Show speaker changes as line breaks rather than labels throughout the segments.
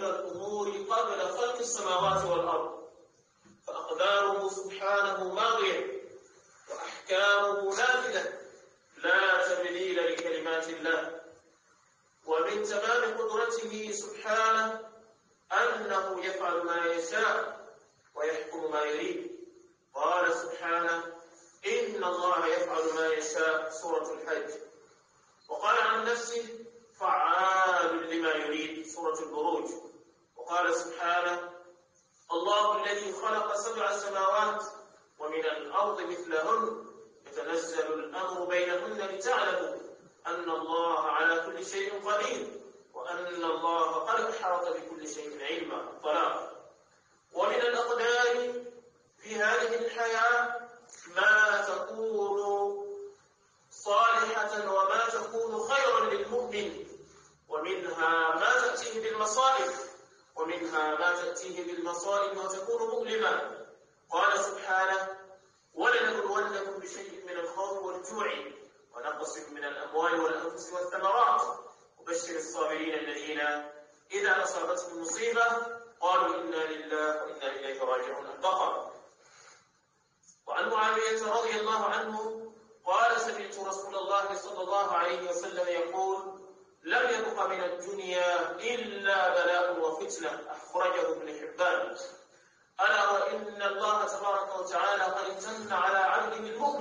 خير الأمور قبل خلق السماوات والأرض فأقداره سبحانه ماضية وأحكامه نافذة لا تبديل لكلمات الله ومن تمام قدرته سبحانه أنه يفعل ما يشاء ويحكم ما يريد قال سبحانه إن الله يفعل ما يشاء سورة الحج وقال عن نفسه فعال لما يريد سورة البروج وقال سبحانه الله الذي خلق سبع سماوات ومن الأرض مثلهن يتنزل الأمر بينهن لتعلموا أن الله على كل شيء قدير وأن الله قد أحاط بكل شيء علما طلاق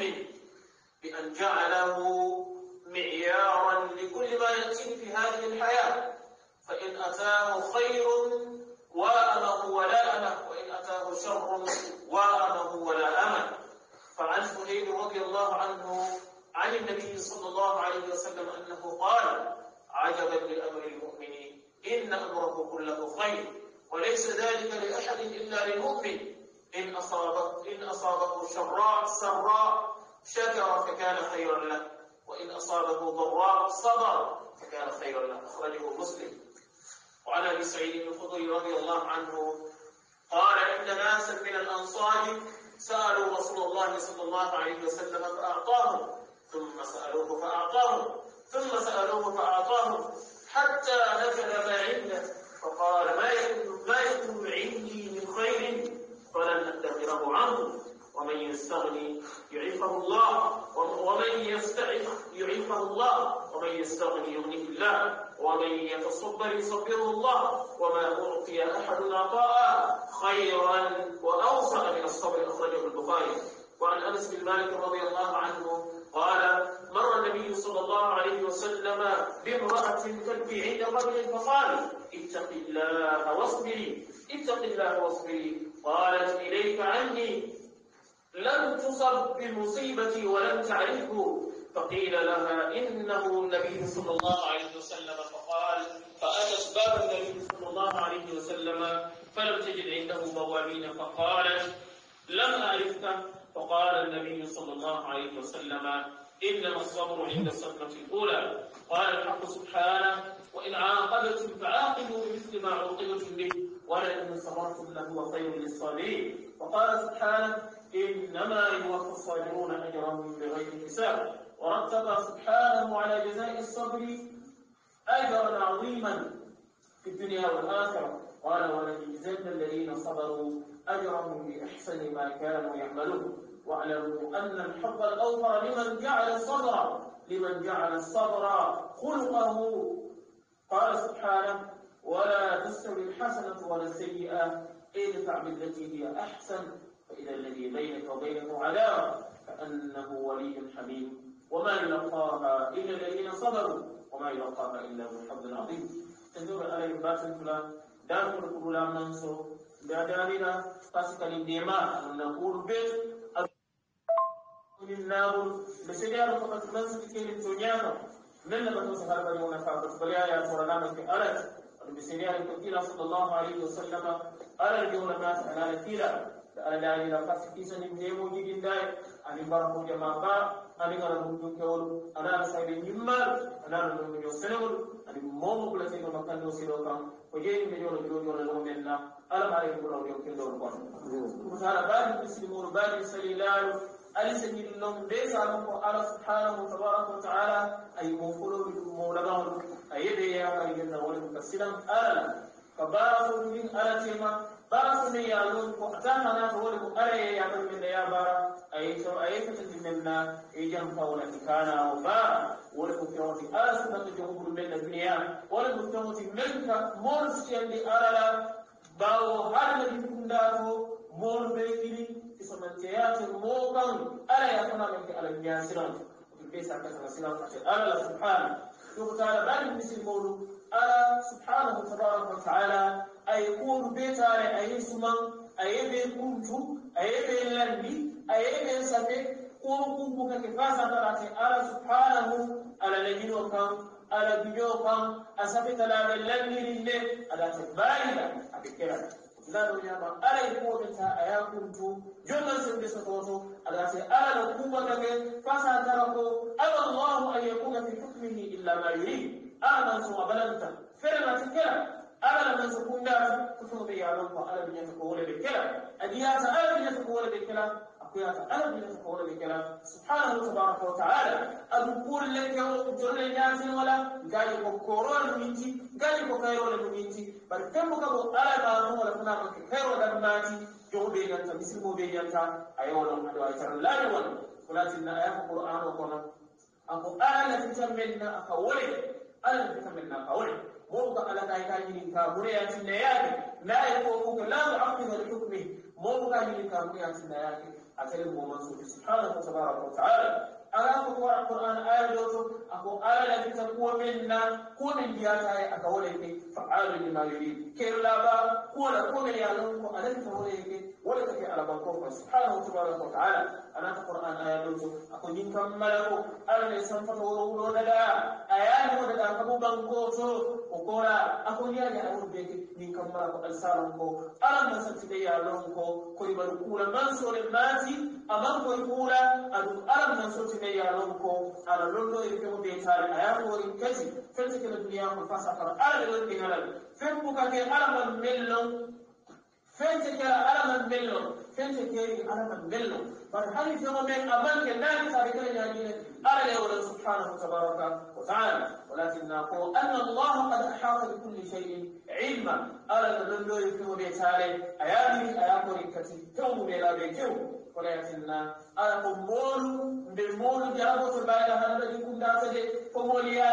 المؤمن بأن جعله معيارا لكل ما يأتيه في هذه الحياة فإن أتاه خير وأمه ولا أمه وإن أتاه شر وأمه ولا أمه فعن سهيل رضي الله عنه عن النبي صلى الله عليه وسلم أنه قال عجبا لأمر المؤمن إن أمره كله خير وليس ذلك لأحد إلا للمؤمن إن أصابته إن أصابه شراء سراء شكر فكان خيرا له وإن أصابه ضراء صبر فكان خيرا له أخرجه مسلم وعن أبي سعيد الخضري رضي الله عنه قال إن ناسا من الأنصار سألوا رسول الله صلى الله عليه وسلم فأعطاهم ثم سألوه فأعطاهم ثم سألوه فأعطاهم حتى نزل ومن يستعف يعفه الله ومن يستغني يغنيه الله ومن يتصبر يصبره الله وما أعطي أحد عطاء خيرا وأوسع من الصبر أخرجه البخاري وعن أنس بن مالك رضي الله عنه قال مر النبي صلى الله عليه وسلم بامرأة تبكي عند رجل فقال اتق الله واصبري اتق الله واصبري قالت إليك عني لم تصب بالمصيبة ولم تعرفه فقيل لها إنه النبي صلى الله عليه وسلم فقال فأتت باب النبي صلى الله عليه وسلم فلم تجد عنده بوابين فقالت لم أعرفك فقال النبي صلى الله عليه وسلم إنما الصبر عند الصدمة الأولى قال الحق سبحانه وإن عاقبتم فعاقبوا بمثل ما عوقبتم به ولئن صبرتم لهو خير للصابرين وقال سبحانه إنما يوفى الصابرون أجرهم بغير حساب ورتب سبحانه على جزاء الصبر أجرا عظيما في الدنيا والآخرة قال ولنجزين الذين صبروا أجرهم بأحسن ما كانوا يعملون واعلموا أن الحب الأوفر لمن جعل الصبر لمن جعل الصبر خلقه قال سبحانه ولا تستوي الحسنة ولا السيئة ادفع بالتي هي أحسن فإذا الذي بينك وبينه عداوة كأنه ولي حميم وما يلقاها إلا الذين صبروا وما يلقاها إلا ذو حظ عظيم تدور على باسن فلان دار الكرولا منسو دا دارنا فاسك للدماء أن نقول به من النار بسيارة فقط منسك في الدنيا من لما توصف هذا اليوم فاقت فلا يا قرآن في أرد بسجار كثيرة صلى الله عليه وسلم أرد يوم الناس سألنا كثيرة ala daani la fasi kisani mtemo jidin dai ani bara ko jama ba ani kala dum dum kewol ana ala saybe nyimmal ana ala dum yo senewol ani momo kula sino makando sino kam ko jeeni be jolo jolo jolo no menna ala bare ko raw yo kendo ko ko sala bani muslimun bani salilal ali sajid lom be sa ko ala subhanahu tabaraka wa taala ay mo fulo mo labaw ayede ya kala jenna wala kasilam ala kabaru min alatima barasi ne ya zo ko zanna na to wani ko are ya kan min da ya bara ayi to ayi ta tin min na ijan fauna tikana wa ba wani ko kyo ti asu na to jumhur min da duniya wani ko kyo ti min ka mor si andi arala bawo har na bi kun da to mor be kili ti samante ya to mo kan ara ya kana min ki alan ya siran to be sa ka sana siran ta ala subhanahu to ko ta da bani misil mawlu ala subhanahu tabaraka wa ta'ala ay kuuru be tare a ye suman a ye be kuntu a ye be lardi a ye be sate kuuru kumbu ka ke faa satarate ala subhanahu ala lejinoo kan ala dujoo kan a safitalaɓe landirinne alate baayila aɓe kelata ya ba ala e kuwoɓeta a ya kuntu jonnon a sototo alate ala no kumbakake faa satara ko aba llahu an yakuna fi hukmihi illa ma yurid ala balanta fere abalanta ferenati kela ala men sukunda kuso be yalon ko ala bin yata ko wala be kala adiyata ala bin yata ko wala be kala akuyata ala bin yata ko wala be kala subhanahu tabaraka wa ta'ala adukul leke o jolle nyatin wala gali ko korol minti gali ko kayrol minti bar kambo kabo ala ba no wala kuna ko kayrol dan mati jobe nanta misilmo be yanta ayolon ado ay tan la wala kulatin na ayatul qur'an ko na ako ala fitam minna akawale ala fitam موضع على دايتاني كامورة أنسنا ياك لا يقوم لا يعقم لحكمه موضع لكامورة أنسنا ياك أسلم ومنصور سبحانه وتبارك وتعالى ألا تقوى القرآن آية جوتو أقو آية لكي تقوى منا كون الياتا يأكوليك فعال لما يريد كير لابا كون كون يعلمكم أنت فعليك wala kake ala banko ko subhanahu tabaraka wa ta'ala anata qur'an aya do ako nyin kammala ko ala ne san fa woro wuro daga aya ne daga kabu banko to o kora ako niya ne awur be ke nyin kammala ko al salam ko ala ne san tide ya lon ko ko ibar kula man so le mati aman ko kula adu ala ne so tide ya lon ko ala lon do yake mo be tare aya ko rin kaji fenti ke duniya ko fasa kar ala ne won ke halal fen ko ka ke ala man mellon fente kera alaman bello fente keri alaman bello bar hani fego men abanke nani sabe kala ñañine ala le wala subhanahu tabaraka wa taala walakin na ko anna allaha qad ahata bi kulli sheyin ilma ala no londoyi fego ɓe taale a yaamiri a yakori kati tewu ɓe laaɓe tew kono yatinna ala ko moolu بالمول بأرض سبحانه الذي كنا سجد قم ولي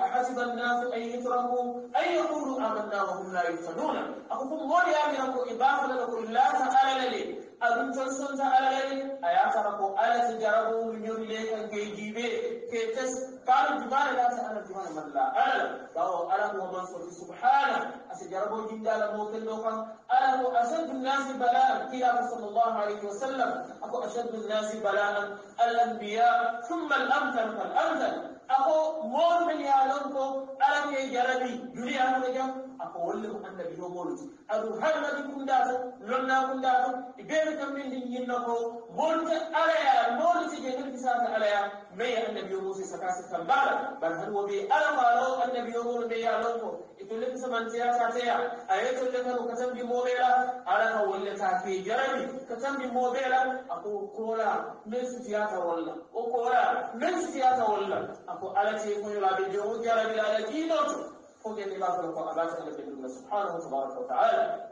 أحسب الناس أن يتركوا أن يقولوا آمنا وهم لا يفتنون أقول قم ولي آلهكم إباخ لكم الله تعالى لي adun ton son ta alalai ayatara ko alati jarabu min yulle kan ke jibe ke tas kalu jumana la ta ala jumana malla alal bawo ala ko man so subhana asi jarabu jindala mo kello kan ala ko asadu nasi bala'an ila sallallahu alaihi wasallam ako asadu nasi bala'an al anbiya thumma al amthal fal amthal ako mo min ya lonko ala ke jarabi duniya ko jam ako wolle ko annabi yomolude aɗum harnadi gunda to lonna gunda to e ɓeɓe kam min ndin yinno ko molde alaya molde je ngal kisaka alaya maye annabi yomuse saka sikka mbaala ban han woɓe ala ko alo annabi yomolu ɓe ya lon ko e tolle ko samanteya tateya aye tolle kan ko tambi moɓela ala ka wolle ta ke jarani ka tambi moɓela ako kola min sutiyata walla o kola min sutiyata walla ako alate koyolaɓe jowo jarani ala kiinoto قلت اني لا اطلب الا بذلك الله سبحانه تبارك وتعالى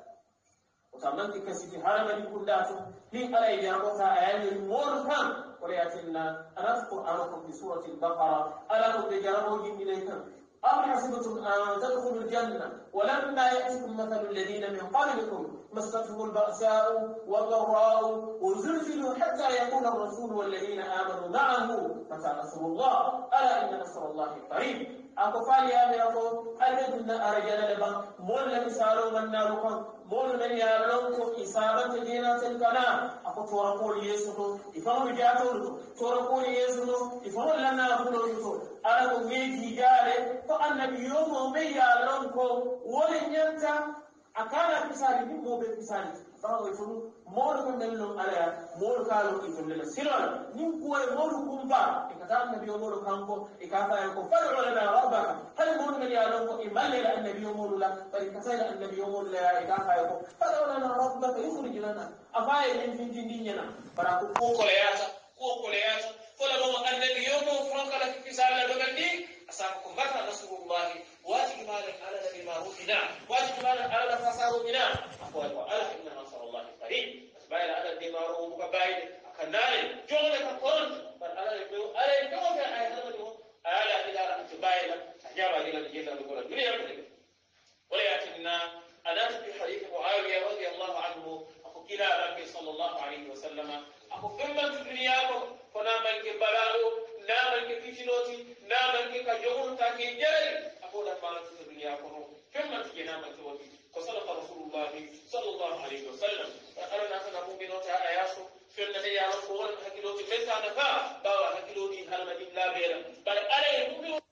وتعلمت كسي في حرم الكلات هي على يربوها عين المرفع ولياتنا رزق اراكم في سوره البقره الا تجربوا جنيك ام حسبتم ان تدخلوا الجنه ولما ياتكم مثل الذين من قبلكم مستهم الباساء والضراء وزلزلوا حتى يكون الرسول والذين امنوا معه متى نصر الله الا ان نصر الله قريب ako fali yaade ako alɓe dunna ara janale ban moolu lami saalomannaaru kon moolu nan yaalon ko i saabante dinaten kana ako torakoolu yeesu to i fawolu jaatolu to torakoolu yeesu to i fawol lannaakunolu to ala ko weetii jaale ko annabi yomo ɓe yaalon ko woli ñanta a kana misaali ni mooɓe misaali bawo e fomu moolu ko ndel non alaya moolu kaalo e fom ndela silol nin kuwoye moolu kumpa e kata annabi yo kanko e ka faye ko faɗololena kadi alon ko e mallela annabi yomoɗula kadi kasayla annabi yomoɗula ya e ka faya ko falawlana rabbaka yukhrijulana a faya nen fintindinñana bara ko kokolayata kokolayata fola momo annabi yomo frankala kisalla dogan ni asaka ko mbarta nasrullahi watigi maɗen alala bi marufina watigi maɗen alala fasarumina akowa ko ala inna nasrullahi qarib bayra alal dimaro muka bayde aka naane jogde ka konte bar alala ala jogote ay hadamadi o ala ɗiɗara ati bayla جاب إلى الجيزة بقول من يعرف ولكننا أناس في حديث معاوية رضي الله عنه أخو كلا ربي صلى الله عليه وسلم أخو فيما الدنيا كنا من كبلاو نا من كفيشلوتي نا من كجور تاكي جري أخو لما الدنيا كنا فيما تجينا من كوتي وصدق رسول الله صلى الله عليه وسلم أنا أنا مؤمن وتعالى fenna te يا ko won hakkiloji men sana fa bawa hakkiloji halma ɗin laaɓeela bara ara e ɗum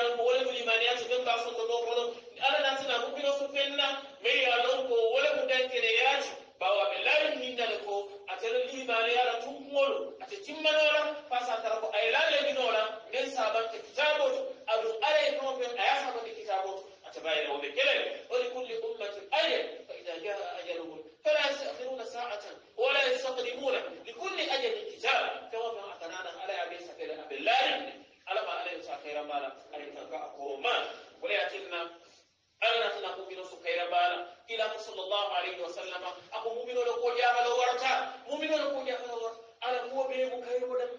yalon ko wala limaniya to ben ba so to ko ala na sina ko bino so penna me yalon ko wala ko dan kere yaati bawa be laari minnal ko atele limaniyala tum kuŋolu ate timmanola pasa tara ko aye laale minola nden sabante kitabo to aɗum alaye noo ɓen aya sabante kitabo to ate bayre oɓe kelel wali kulli ummatin ajal fa ida jaa ajaluhum fala yastahiruna sa'atan wala yastaqdimuna li kulli ajalin kitab fewo fen atanana alaya ɓe safere aɓe laari ala ba ala sa khaira bala ala ta ka ko ma wala yatinna ala tana ko mino su khaira bala ila sallallahu alaihi wasallama ako mu'mino ko jama lo warta mu'mino ko jama lo warta ala ko be mu khairo dan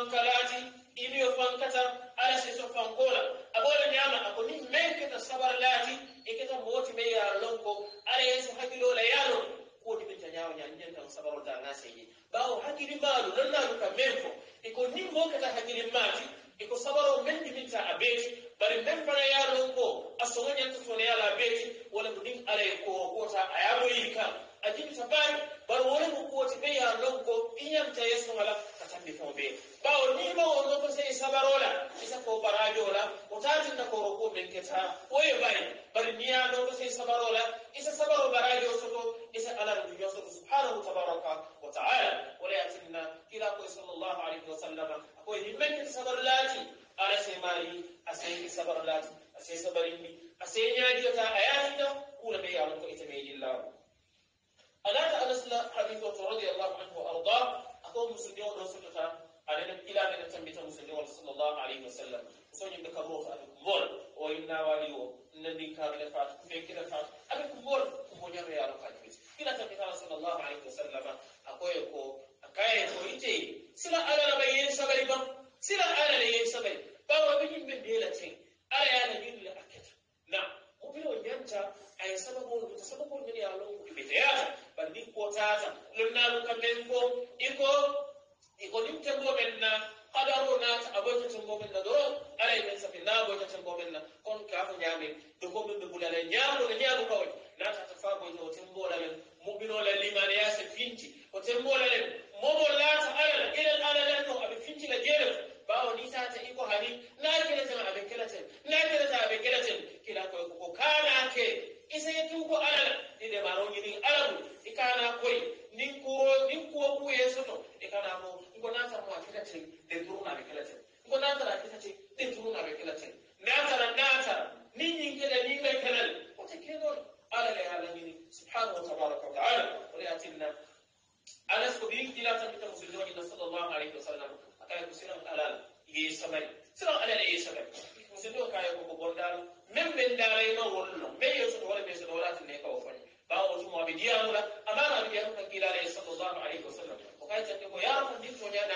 fankalati iliyo fankata ala se fankola abole nyama ako nin menke ta sabar lati iketa moti be ya lonko ala yesu hakilo la yalo ko dibe tanyawo nya nyen ta sabar ta nasiji bawo hakili malu nan ka menko iko nin mo kata hakili mati iko sabaro men dibinta abeti sa woye bari bari niya ɗoɗo sey sabaro la isa sabaro barajo soto isa ala ɗum yo soto subhanahu tabaraka wa taala wala yatinna kila koye sallllahu alayhi wa sallama akoye himmenkete sabaro laati ala sey mari asey sabaro laati asey sabarindi asey ñaajiyota a yaatina kuula ɓe yalon ko ita ɓe yillaaro alata alasla haditoto radiallahu anhu wa arda ako musulmi o ɗo sotota aɗenen ila ɓeɗen tambita musulmi wala sallllahu alayhi wa sallam toñum ɓe ka moof aɓe ko mbool o yim nawaali o nanndi kaarle faatu kume kila faatu aɓe ko mbool ko ñame yaalo kañumiti ila tan kitala sallllahu alayhi wa sallama akoye ko kaye ko itteyi sila alala ɓa yeeni sabali ba sila alala yeeni sabali ɓawa ɓe ñimɓe ndeela ten ala yaala ñinle akketa na mobilo ñanta aye sababol ta sababol men yaa lon ɓiteyata bar ndin ko taata lonnaalu kamɓen ko iko iko ɗim tembo men na qadaru na ta abokin sun gobin na doro oh, alai min safi na abokin sun gobin na kon ka ya nyame da gobin be bulala nyamu na nyamu kawai na ta ta fa ta tin bola men mu'mino la limani ya se finci, o tin ne, le mobo ta ala ila ala la to abi finti la gere ba wani ta ta iko hari.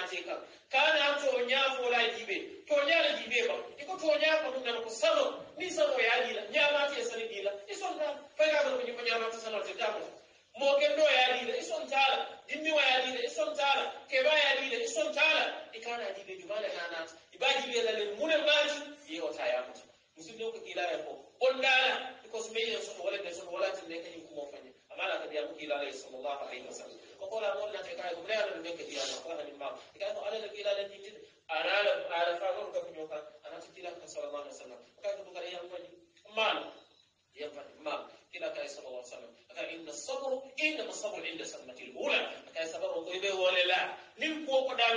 na te kana to nya fo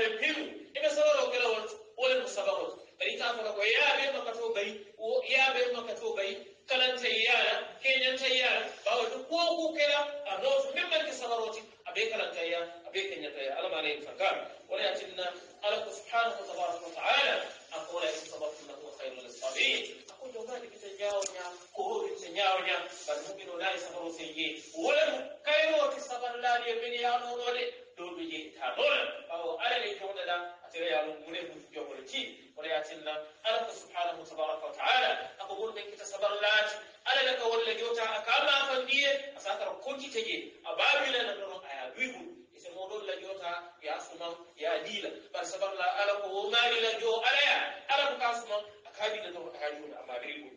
ya muhimu imesababu kila wote wale msababu tarika afa kwa yeye ndio kafu bai kabila do hajuna amma be ko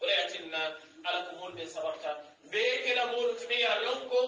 wala yatinna ala ko molbe sabakta be kala molu tme ya lonko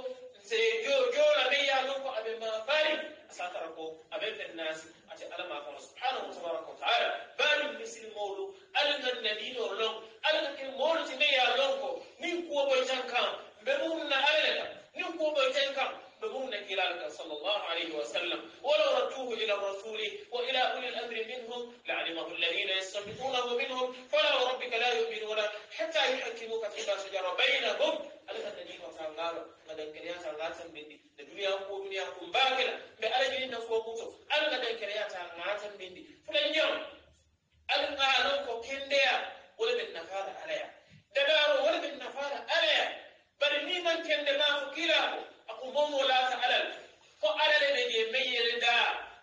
se jo jo la be ya lonko abe ma fari asatara ko abe ben nas ati ala ma fa subhanahu wa tabaraka wa taala bari misil molu ala nan nabino lon ala ke molu tme ya lonko nin ko boy tan kan be mun na ala nin ko boy tan kan بمؤمن كلالة صلى الله عليه وسلم ولو ردوه إلى الرسول وإلى أولي الأمر منهم لعلمه الذين يستنبطونه منهم فلا ربك لا يؤمنون حتى يحكموك فيما شجر بينهم ولكن يجب ان يكون هناك من يكون هناك من يكون هناك من يكون هناك be meyyere da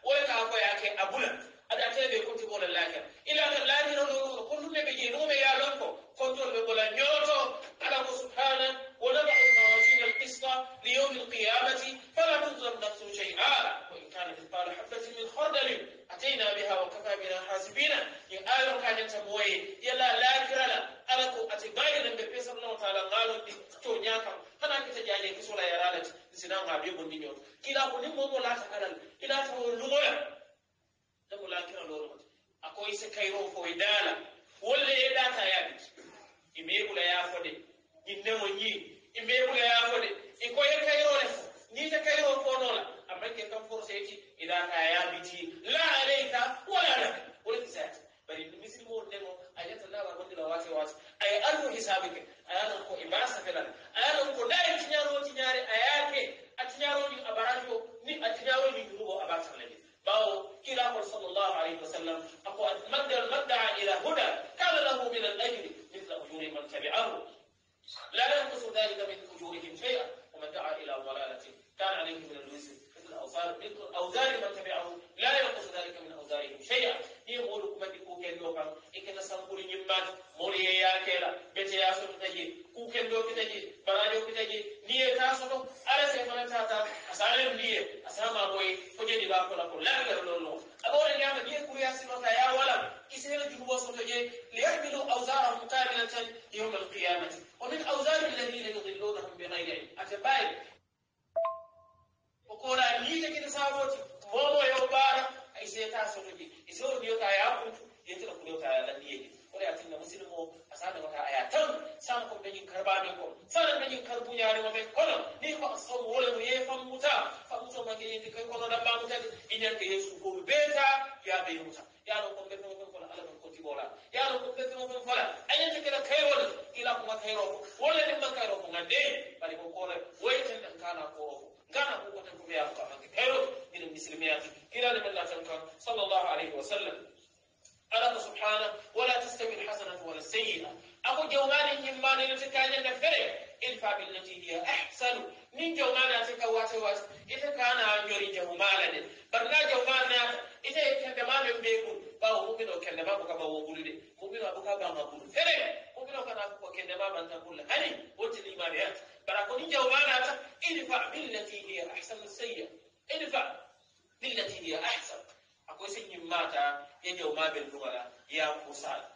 wai ka ko ya kai abula ada ta bai kuti bolan lafiya ila kan lafiya jeli ba ko la ko la ga non no abore nyama je ku ya sino ta ya wala kisela jugo so to je li yahmilu awzarahum kamilatan yawm alqiyamah wa min awzar alladhina yudhillunahum bighayri ilm atabai okora ni te kina saboti momo yo bara ay seta so to je iso biyo ta ya kuntu yete ko ta la ni wala yatinna muslimu asana wata ayatan sam ko be karba be ko sana be karbu nyaare mo be kono ni ko so wala mo ye fam muta fam muta ma ke ni ko kono da ba muta idan ke yesu ko beta ya be muta ya lo ko be no ko ala ko ti bola ya lo ko be no ko bola ayen ke da kayrol ila ko kayro wala ni ma kayro ko ngade bari ko ko wayten dan kana ko ngana ko ko tan ko be ya ko ngade kayrol ni muslimiyati ila ni Allah tan sallallahu alaihi wasallam sayyi'a ako jawŋaani ñimmaano ina si kaña nda fere il fa bi lati hiya ahsanu niŋ jawŋaani a si ka waati waati ite kaana jori jawmaa la de bari naa jawŋaa naa ite ye kendemaa meŋ bee kun bawo mu binoo kendema buka ba wo bulu de mu binoo buka ba ma bulu fere mu binoo kana fo ko kendemaa banta bulu la hani wo ti limaane yaa bari ako niŋ jawŋaa naa ta il fa bi lati hiya ahsanu sayyi'a il fa bi lati hiya ahsanu ako si ñimmaa taa ye jawŋaa be duŋa la ye a kuusaa la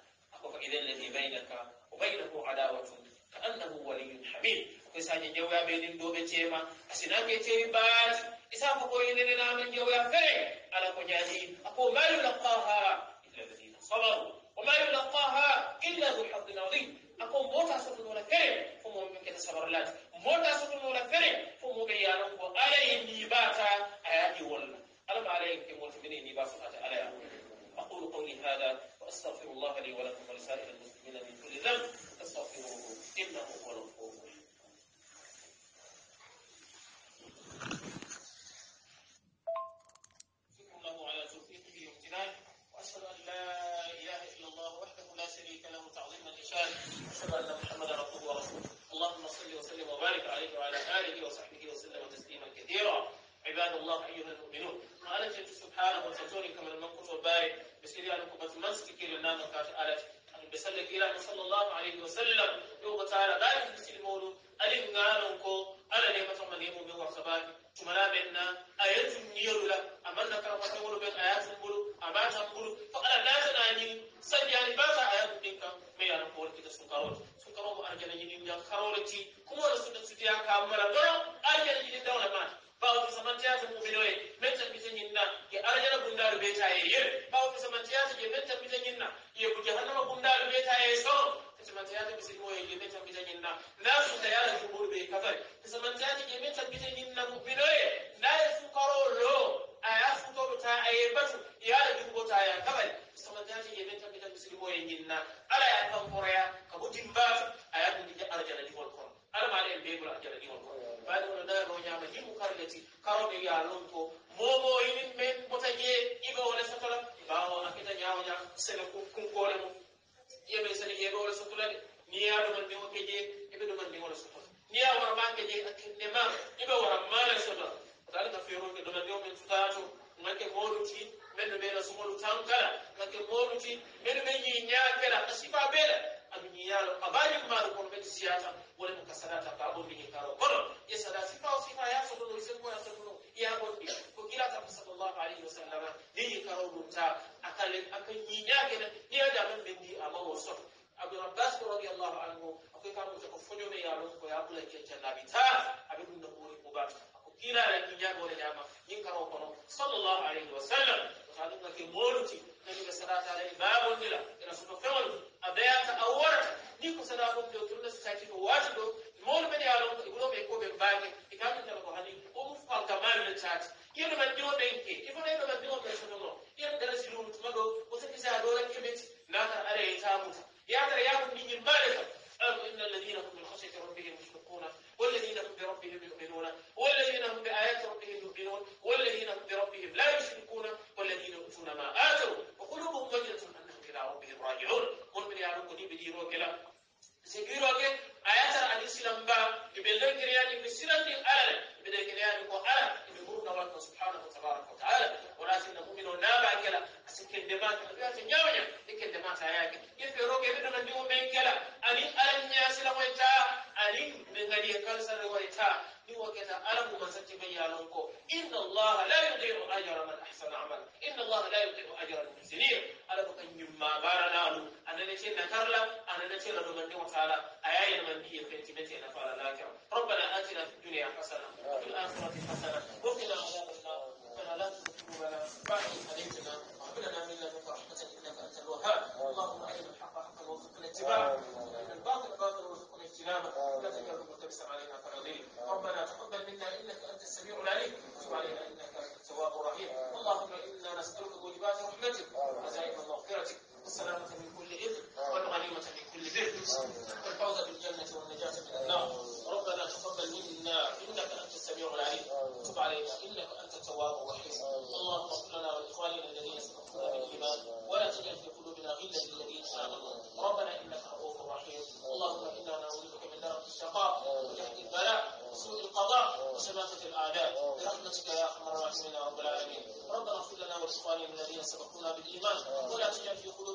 وفإذا الذي بينك وبينه عداوة كأنه ولي حميد كساني جوا بين دو تيما أسنان كتيري بات إساق كوين لنا من جوا فيه على كنياني أقول ما يلقاها إلا الذين صبروا وما يلقاها إلا ذو حظ عظيم أقول موتا سفن ولا كريم فمو من كتا الله موتا سفن ولا كريم فمو بيانه وعلي نيباتا آياتي والله ألم عليك كمولت مني نيباتا أقول قولي هذا أستغفر الله لي ولكم ولسائر المسلمين من كل ذنب فاستغفروه إنه هو الغفور الرحيم واشهد ان لا اله الا الله وحده لا شريك له تعظيما لشانه واشهد ان محمدا عبده ورسوله اللهم صل وسلم وبارك عليه وعلى اله وصحبه وسلم تسليما كثيرا عباد الله أيها المؤمنون ما ألت أنت سبحانه وتتوني كما المنقف الباري بس إذا أنك قد منسك إلى النام وكات ألت أن بسلك إلى صلى الله عليه وسلم يوغ تعالى دائما تسلمون ألم نعلمك ألا نعمة من يمو من وخبات ثم لا بأن آيات نير له أما لك أما تقول بأن آيات نقول أما تقول فألا لا تنعني سن يعني بعض آيات منك ما يعلم قولك إذا سنقرون سنقرون أرجل يجيني من خرورتي كما رسولة سديا كامرة دولا أرجل يجيني دولا مات samantiyaata mumino ye men tambita ñinna ye arajana gundaalu beeta ye yere ɓawo ko samantiyaata je men tambita ñinna ye ko jahannama gundaalu beeta ye soro ko samantiyaata misilimo ye je men tambita ñinna na sunta yaala jumuru ɓe kafari ko samantiyaata je men tambita ñinna mumino ye naye fukaro lo aya futoɓe ta aye batu yaala jungo ta ya kafari samantiyaata je men tambita misilimo ye ñinna ala ya tan koroya kabo dimbaatu aya ɗum ɗije arajana ɗigol kono ala maɗa en ɓeygol arajana ɗigol kono bani ono ɗano himu kargati karoɓe wiya lonko momo men sokola de niya ɗuman ndi eɓe ɗuman ndi niya wara ma eɓe wara ɗuman ndi moɗuti men ɗo ɓeeɗa sumolu tan kala moɗuti men ɗo ɓe ɓeeɗa aɗu wole mo ka salata ka ɓorɗini karo kono ye salati fawo sifa ya sotono isengoya sotono yagoɗɗi ko kilataɓe sallllahu alayhi wa sallama niyi karo ɗum ta akale aka ñiñakene ñiadamen ɓe ndi amawo soto abdul abbas radiallahu anhu akoy kamote ko foñome yalon ko yaɓula keccallaɓi ta aɓe ɗum no ɓuuri kuba ako kilala ñiñagole ñama ñin karo kono sallllahu alayhi wa sallam kaɗum gake moluti nabiga salata alay babondila ena soto fewol a beyata a worata ni kusala ɗum ɗo tunna society ɗo waati ɗo mawɗo men yaalon ko wuroɓe ko ɓe mbaage e kamɗentala ko hani omu falkamani men saati ƴeɗo man ndiwo ɗen ke il faut ɗeɗo man ndiwo men sotono ƴen dara silumu tuma ɗo o sakisa ɗoran kemeti natara ara e tamuta yatara yakum ɗiñin mbaɗe kam قالوا إن الذين هم من خشية ربهم مشفقون والذين هم بربهم يؤمنون والذين هم بآيات ربهم يؤمنون والذين هم بربهم لا يشركون والذين يؤتون ما آتوا وقلوبهم وجلة أنهم إلى ربهم راجعون قل من يعلم قديم دينه كلا sigiroke ayatar ani silamba ibe lenkiriyani ibe siranti alale ibe lenkiriyani ko ala ibe gurna walko subhanahu tabaraka wa taala walakin na mumino naba kela asikende mata abiyata nyawanya ikende mata yake ife roke ibe dona ndiwo menkela ani ala nyasila weta ani mengadiye kalsare weta وكذا ألم مسك بيانكم إن الله لا يضيع أجر من أحسن عملا إن الله لا يضيع أجر المحسنين ألم كن ما بارنا أنا نتي نكرلا أنا نتي لدو 出来了什么困难的地方？困难之间比孤独。